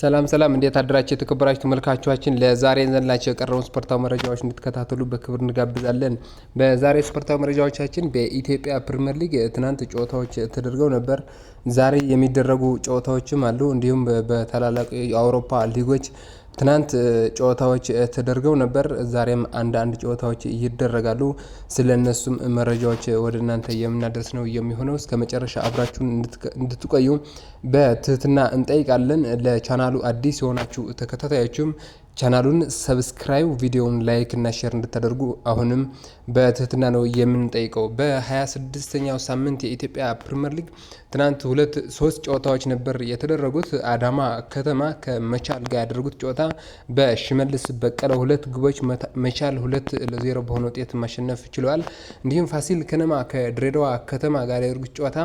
ሰላም ሰላም፣ እንዴት አደራችሁ የተከበራችሁ ተመልካቾቻችን። ለዛሬ ዘንላችሁ የቀረቡን ስፖርታዊ መረጃዎች እንድትከታተሉ በክብር እንጋብዛለን። በዛሬ ስፖርታዊ መረጃዎቻችን በኢትዮጵያ ፕሪምየር ሊግ ትናንት ጨዋታዎች ተደርገው ነበር። ዛሬ የሚደረጉ ጨዋታዎችም አሉ። እንዲሁም በታላላቅ የአውሮፓ ሊጎች ትናንት ጨዋታዎች ተደርገው ነበር። ዛሬም አንዳንድ ጨዋታዎች ይደረጋሉ። ስለ እነሱም መረጃዎች ወደ እናንተ የምናደርስ ነው የሚሆነው። እስከ መጨረሻ አብራችሁን እንድትቆዩ በትህትና እንጠይቃለን። ለቻናሉ አዲስ የሆናችሁ ተከታታዮችም ቻናሉን ሰብስክራይብ ቪዲዮውን ላይክ እና ሼር እንድታደርጉ አሁንም በትህትና ነው የምንጠይቀው። በ26ኛው ሳምንት የኢትዮጵያ ፕሪምየር ሊግ ትናንት ሁለት ሶስት ጨዋታዎች ነበር የተደረጉት። አዳማ ከተማ ከመቻል ጋር ያደረጉት ጨዋታ በሽመልስ በቀለ ሁለት ግቦች መቻል ሁለት ለዜሮ በሆነ ውጤት ማሸነፍ ችለዋል። እንዲሁም ፋሲል ከነማ ከድሬዳዋ ከተማ ጋር ያደረጉት ጨዋታ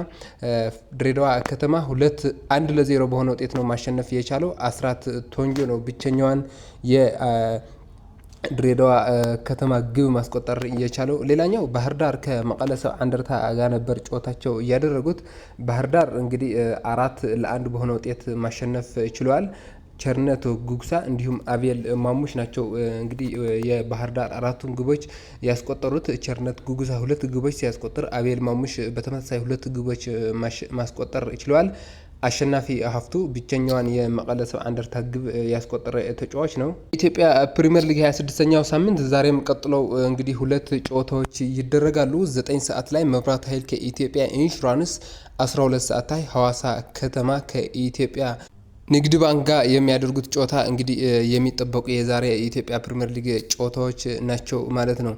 ድሬዳዋ ከተማ ሁለት አንድ ለዜሮ በሆነ ውጤት ነው ማሸነፍ የቻለው። አስራት ቶንጆ ነው ብቸኛዋን ድሬዳዋ ከተማ ግብ ማስቆጠር የቻለው ሌላኛው ባህር ዳር ከመቀለ ሰብ አንደርታ ጋር ነበር ጨዋታቸው እያደረጉት። ባህር ዳር እንግዲህ አራት ለአንድ በሆነ ውጤት ማሸነፍ ችለዋል። ቸርነት ጉጉሳ እንዲሁም አቤል ማሙሽ ናቸው እንግዲህ የባህር ዳር አራቱን ግቦች ያስቆጠሩት። ቸርነት ጉጉሳ ሁለት ግቦች ሲያስቆጥር፣ አቤል ማሙሽ በተመሳሳይ ሁለት ግቦች ማስቆጠር ችለዋል። አሸናፊ ሀፍቱ ብቸኛዋን የመቀለ ሰብ አንደርታ ግብ ያስቆጠረ ተጫዋች ነው። ኢትዮጵያ ፕሪምየር ሊግ 26ኛው ሳምንት ዛሬም ቀጥለው እንግዲህ ሁለት ጨዋታዎች ይደረጋሉ። ዘጠኝ ሰዓት ላይ መብራት ኃይል ከኢትዮጵያ ኢንሹራንስ፣ 12 ሰዓት ላይ ሐዋሳ ከተማ ከኢትዮጵያ ንግድ ባንክ ጋር የሚያደርጉት ጨዋታ እንግዲህ የሚጠበቁ የዛሬ የኢትዮጵያ ፕሪምየር ሊግ ጨዋታዎች ናቸው ማለት ነው።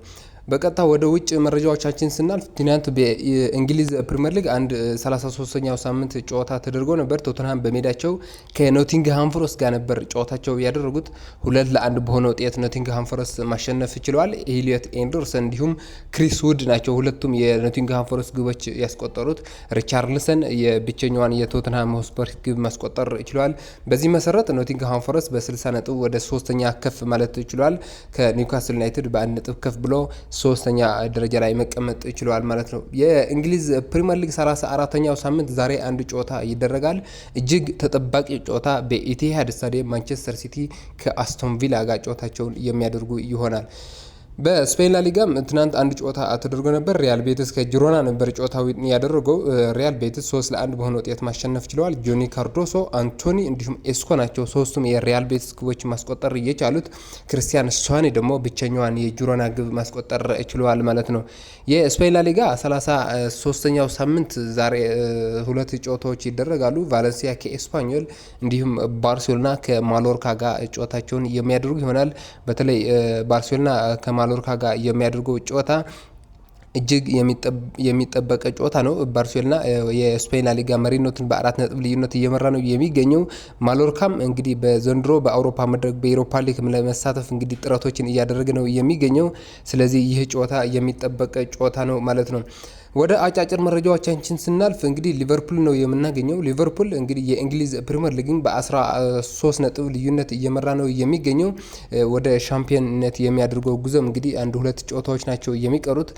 በቀጥታ ወደ ውጭ መረጃዎቻችን ስናልፍ ትናንት በእንግሊዝ ፕሪምየር ሊግ አንድ 33ኛው ሳምንት ጨዋታ ተደርጎ ነበር። ቶተንሃም በሜዳቸው ከኖቲንግሃም ፎረስት ጋር ነበር ጨዋታቸው ያደረጉት። ሁለት ለአንድ በሆነ ውጤት ኖቲንግሃም ፎረስት ማሸነፍ ችለዋል። ኤሊዮት ኤንዶርሰን እንዲሁም ክሪስ ውድ ናቸው ሁለቱም የኖቲንግሃም ፎረስት ግቦች ያስቆጠሩት። ሪቻርልሰን የብቸኛዋን የቶተንሃም ሆስፐር ግብ ማስቆጠር ችለዋል። በዚህ መሰረት ኖቲንግሃም ፎረስት በ60 ነጥብ ወደ ሶስተኛ ከፍ ማለት ችሏል። ከኒውካስል ዩናይትድ በአንድ ነጥብ ከፍ ብሎ ሶስተኛ ደረጃ ላይ መቀመጥ ችለዋል ማለት ነው። የእንግሊዝ ፕሪምየር ሊግ 34ተኛው ሳምንት ዛሬ አንድ ጨዋታ ይደረጋል። እጅግ ተጠባቂ ጨዋታ በኢቲሃድ ስታዲየም ማንቸስተር ሲቲ ከአስቶን ቪላ ጋር ጨዋታቸውን የሚያደርጉ ይሆናል። በስፔን ላሊጋም ትናንት አንድ ጨዋታ ተደርጎ ነበር። ሪያል ቤትስ ከጅሮና ነበር ጨዋታው ያደረገው። ሪያል ቤትስ ሶስት ለአንድ በሆነ ውጤት ማሸነፍ ችለዋል። ጆኒ ካርዶሶ፣ አንቶኒ እንዲሁም ኤስኮ ናቸው ሶስቱም የሪያል ቤትስ ግቦች ማስቆጠር እየቻሉት። ክርስቲያን ሷኒ ደግሞ ብቸኛዋን የጅሮና ግብ ማስቆጠር ችለዋል ማለት ነው። የስፔን ላሊጋ 33ኛው ሳምንት ዛሬ ሁለት ጨዋታዎች ይደረጋሉ። ቫለንሲያ ከኤስፓኞል እንዲሁም ባርሴሎና ከማሎርካ ጋር ጨዋታቸውን የሚያደርጉ ይሆናል። በተለይ ባርሴሎና ከማሎርካ ጋር የሚያደርገው ጨዋታ እጅግ የሚጠበቀ ጨዋታ ነው። ባርሴሎና የስፔን ላሊጋ መሪነቱን በአራት ነጥብ ልዩነት እየመራ ነው የሚገኘው። ማሎርካም እንግዲህ በዘንድሮ በአውሮፓ መድረክ በኤሮፓ ሊግ ለመሳተፍ እንግዲህ ጥረቶችን እያደረገ ነው የሚገኘው። ስለዚህ ይህ ጨዋታ የሚጠበቀ ጨዋታ ነው ማለት ነው። ወደ አጫጭር መረጃዎቻችን ስናልፍ እንግዲህ ሊቨርፑል ነው የምናገኘው። ሊቨርፑል እንግዲህ የእንግሊዝ ፕሪምየር ሊግን በ13 ነጥብ ልዩነት እየመራ ነው የሚገኘው። ወደ ሻምፒዮንነት የሚያደርገው ጉዞም እንግዲህ አንድ ሁለት ጨዋታዎች ናቸው የሚቀሩት።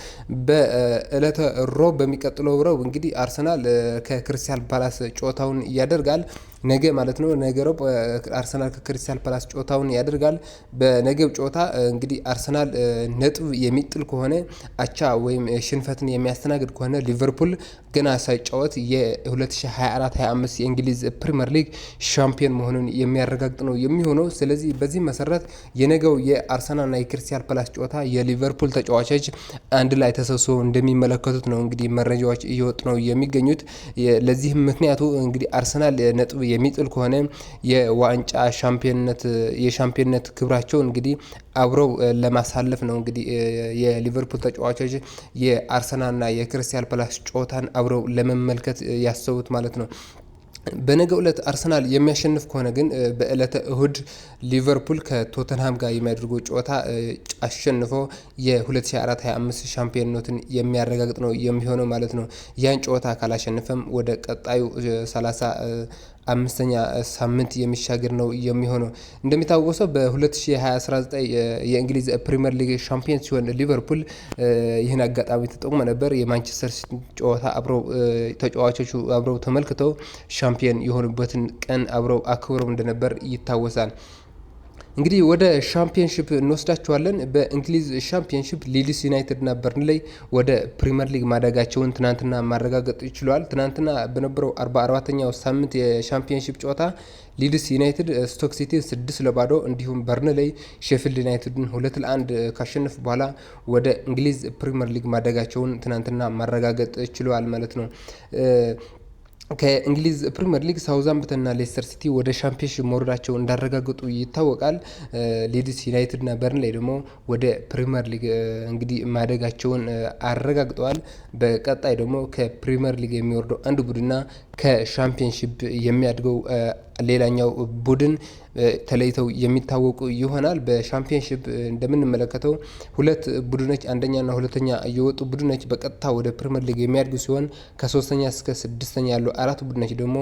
በእለተ ሮብ በሚቀጥለው ረቡዕ እንግዲህ አርሰናል ከክሪስታል ፓላስ ጨዋታውን ያደርጋል። ነገ ማለት ነው። ነገ አርሰናል ከክሪስታል ፓላስ ጨዋታውን ያደርጋል። በነገብ ጨዋታ እንግዲህ አርሰናል ነጥብ የሚጥል ከሆነ አቻ ወይም ሽንፈትን የሚያስተናግድ ከሆነ ሊቨርፑል ገና ሳይጫወት የ2024/25 የእንግሊዝ ፕሪምየር ሊግ ሻምፒዮን መሆኑን የሚያረጋግጥ ነው የሚሆነው። ስለዚህ በዚህ መሰረት የነገው የአርሰናልና የክሪስታል ፓላስ ጨዋታ የሊቨርፑል ተጫዋቾች አንድ ላይ ተሰብስበው እንደሚመለከቱት ነው እንግዲህ መረጃዎች እየወጡ ነው የሚገኙት። ለዚህም ምክንያቱ እንግዲህ አርሰናል ነጥብ የሚጥል ከሆነ የዋንጫ ሻምፒዮንነት የሻምፒዮንነት ክብራቸው እንግዲህ አብረው ለማሳለፍ ነው። እንግዲህ የሊቨርፑል ተጫዋቾች የአርሰናልና የክርስቲያን ፓላስ ጨዋታን አብረው ለመመልከት ያሰቡት ማለት ነው። በነገ ዕለት አርሰናል የሚያሸንፍ ከሆነ ግን በዕለተ እሁድ ሊቨርፑል ከቶተንሃም ጋር የሚያደርገው ጨዋታ አሸንፎ የ2425 ሻምፒዮንነትን የሚያረጋግጥ ነው የሚሆነው ማለት ነው። ያን ጨዋታ ካላሸንፈም ወደ ቀጣዩ 30 አምስተኛ ሳምንት የሚሻገር ነው የሚሆነው። እንደሚታወሰው ሰው በ2019 የእንግሊዝ ፕሪምየር ሊግ ሻምፒዮን ሲሆን ሊቨርፑል ይህን አጋጣሚ ተጠቅሞ ነበር። የማንቸስተር ሲቲ ጨዋታ ተጫዋቾቹ አብረው ተመልክተው ቻምፒየን የሆኑበትን ቀን አብረው አክብረው እንደነበር ይታወሳል። እንግዲህ ወደ ሻምፒየንሽፕ እንወስዳቸዋለን። በእንግሊዝ ሻምፒየንሽፕ ሊድስ ዩናይትድ እና በርንሌይ ወደ ፕሪምየር ሊግ ማደጋቸውን ትናንትና ማረጋገጥ ችሏል። ትናንትና በነበረው 44ኛው ሳምንት የሻምፒየንሽፕ ጨዋታ ሊድስ ዩናይትድ ስቶክ ሲቲን ስድስት ለባዶ እንዲሁም በርንሌይ ሼፊልድ ዩናይትድን ሁለት ለአንድ ካሸነፍ በኋላ ወደ እንግሊዝ ፕሪምየር ሊግ ማደጋቸውን ትናንትና ማረጋገጥ ችለዋል ማለት ነው። ከእንግሊዝ ፕሪምየር ሊግ ሳውዛምፕተንና ሌስተር ሲቲ ወደ ሻምፒዮንሽፕ መውረዳቸው እንዳረጋገጡ ይታወቃል። ሌዲስ ዩናይትድና በርንላይ ደግሞ ወደ ፕሪምየር ሊግ እንግዲህ ማደጋቸውን አረጋግጠዋል። በቀጣይ ደግሞ ከፕሪምየር ሊግ የሚወርደው አንድ ቡድንና ከሻምፒዮንሽፕ የሚያድገው ሌላኛው ቡድን ተለይተው የሚታወቁ ይሆናል። በሻምፒዮንሺፕ እንደምንመለከተው ሁለት ቡድኖች አንደኛና ሁለተኛ የወጡ ቡድኖች በቀጥታ ወደ ፕሪምየር ሊግ የሚያድጉ ሲሆን ከሶስተኛ እስከ ስድስተኛ ያሉ አራት ቡድኖች ደግሞ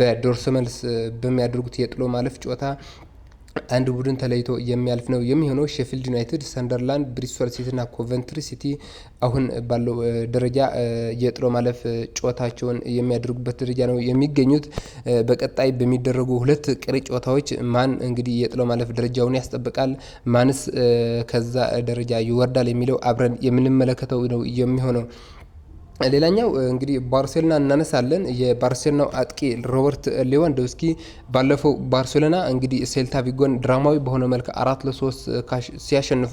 በዶርሶ መልስ በሚያደርጉት የጥሎ ማለፍ ጨዋታ አንድ ቡድን ተለይቶ የሚያልፍ ነው የሚሆነው። ሼፊልድ ዩናይትድ፣ ሰንደርላንድ፣ ብሪስቶል ሲቲ እና ኮቨንትሪ ሲቲ አሁን ባለው ደረጃ የጥሎ ማለፍ ጨዋታቸውን የሚያደርጉበት ደረጃ ነው የሚገኙት። በቀጣይ በሚደረጉ ሁለት ቅሪ ጨዋታዎች ማን እንግዲህ የጥሎ ማለፍ ደረጃውን ያስጠብቃል፣ ማንስ ከዛ ደረጃ ይወርዳል የሚለው አብረን የምንመለከተው ነው የሚሆነው። ሌላኛው እንግዲህ ባርሴሎና እናነሳለን። የባርሴሎናው አጥቂ ሮበርት ሌዋንዶስኪ ባለፈው ባርሴሎና እንግዲህ ሴልታ ቪጎን ድራማዊ በሆነ መልክ አራት ለሶስት ሲያሸንፉ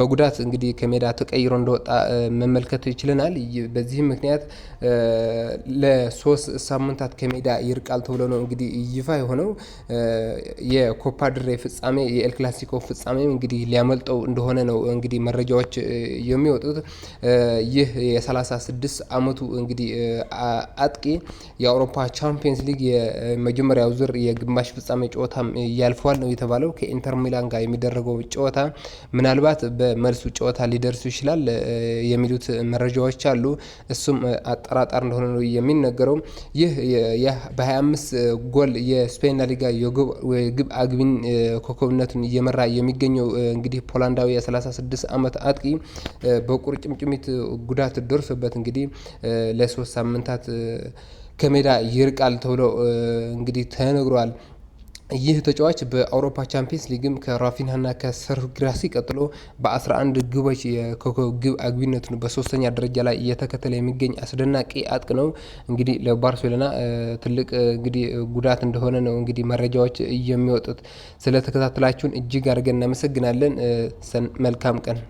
በጉዳት እንግዲህ ከሜዳ ተቀይሮ እንደወጣ መመልከት ይችለናል። በዚህም ምክንያት ለሶስት ሳምንታት ከሜዳ ይርቃል ተብሎ ነው እንግዲህ ይፋ የሆነው። የኮፓድሬ ፍጻሜ የኤል ክላሲኮ ፍጻሜ እንግዲህ ሊያመልጠው እንደሆነ ነው እንግዲህ መረጃዎች የሚወጡት ይህ የ36 የስድስት ዓመቱ እንግዲህ አጥቂ የአውሮፓ ቻምፒየንስ ሊግ የመጀመሪያው ዙር የግማሽ ፍጻሜ ጨዋታም ያልፈዋል ነው የተባለው። ከኢንተር ሚላን ጋር የሚደረገው ጨዋታ ምናልባት በመልሱ ጨዋታ ሊደርሱ ይችላል የሚሉት መረጃዎች አሉ። እሱም አጠራጣር እንደሆነ ነው የሚነገረው። ይህ በ25 ጎል የስፔን ላሊጋ የግብ አግቢን ኮከብነቱን እየመራ የሚገኘው እንግዲህ ፖላንዳዊ የ36 ዓመት አጥቂ በቁርጭምጭሚት ጉዳት ደርሶበት እንግዲህ ለሶስት ሳምንታት ከሜዳ ይርቃል ተብሎ እንግዲህ ተነግሯል። ይህ ተጫዋች በአውሮፓ ቻምፒየንስ ሊግም ከራፊንሃና ከሰርህ ግራሲ ቀጥሎ በ11 ግቦች የኮከብ ግብ አግቢነቱን በሶስተኛ ደረጃ ላይ እየተከተለ የሚገኝ አስደናቂ አጥቅ ነው። እንግዲህ ለባርሴሎና ትልቅ እንግዲህ ጉዳት እንደሆነ ነው እንግዲህ መረጃዎች የሚወጡት። ስለተከታተላችሁን እጅግ አድርገን እናመሰግናለን። መልካም ቀን